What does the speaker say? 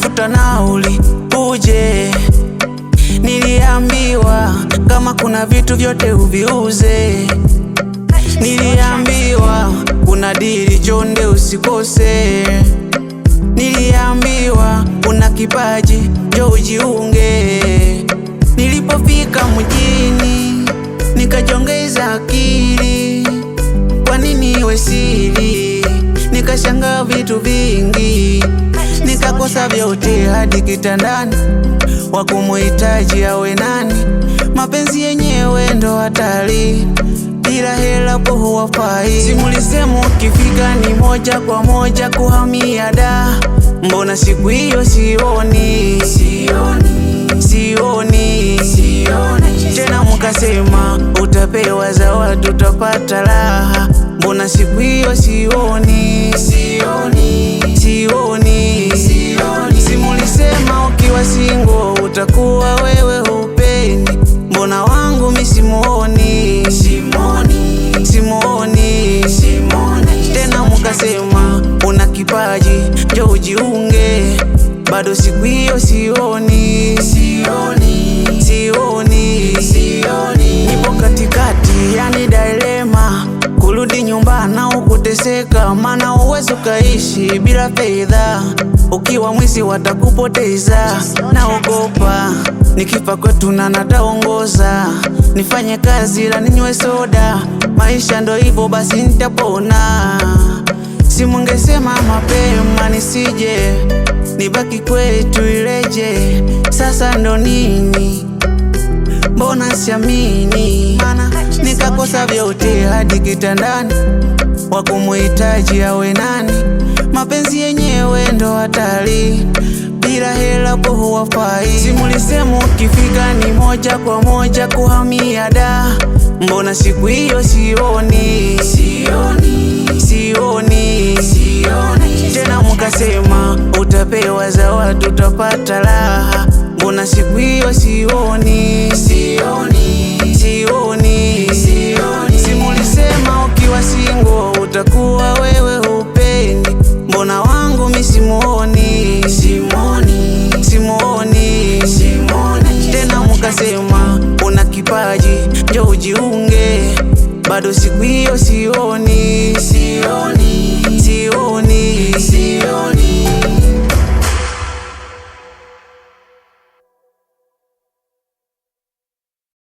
tafuta nauli uje. Niliambiwa kama kuna vitu vyote uviuze, niliambiwa kuna dili chonde usikose, niliambiwa kuna kipaji jo ujiunge. Nilipofika mjini nikajongeza akili, kwa nini wesili? Nikashanga vitu vingi Makosa vyote hadi kitandani, wakumuhitaji awe nani? Mapenzi yenyewe ndo hatari, bila hela po wafai Simulisemu kifika ni moja kwa moja kuhamia da, mbona siku hiyo sioni, sioni, sioni, sioni tena. Mkasema utapewa zawadi, utapata raha, mbona siku hiyo sioni utakuwa wewe hupeni mbona wangu mi simuoni, simuoni, simuoni, simuoni. Tena mukasema una kipaji njo ujiunge, bado siku hiyo sioni, sioni, sioni. uwezo kaishi bila fedha, ukiwa mwizi watakupoteza. Naogopa nikifa kwetu na nataongoza, nifanye kazi la ninywe soda. Maisha ndo hivyo basi, nitapona. Si mungesema mapema nisije nibaki kwetu ileje, sasa ndo nini? Mbona siamini, nikakosa vyote hadi kitandani wa kumuhitaji awe nani? Mapenzi yenyewe ndo hatari, bila hela po huwafai. Simulisemu ukifika ni moja kwa moja kuhamia da, mbona siku hiyo sioni, sioni, sioni, sioni. Tena mukasema utapewa zawadi, utapata raha, mbona siku hiyo sioni, sioni wanasema una kipaji, njoo ujiunge, bado siku hiyo sioni, sioni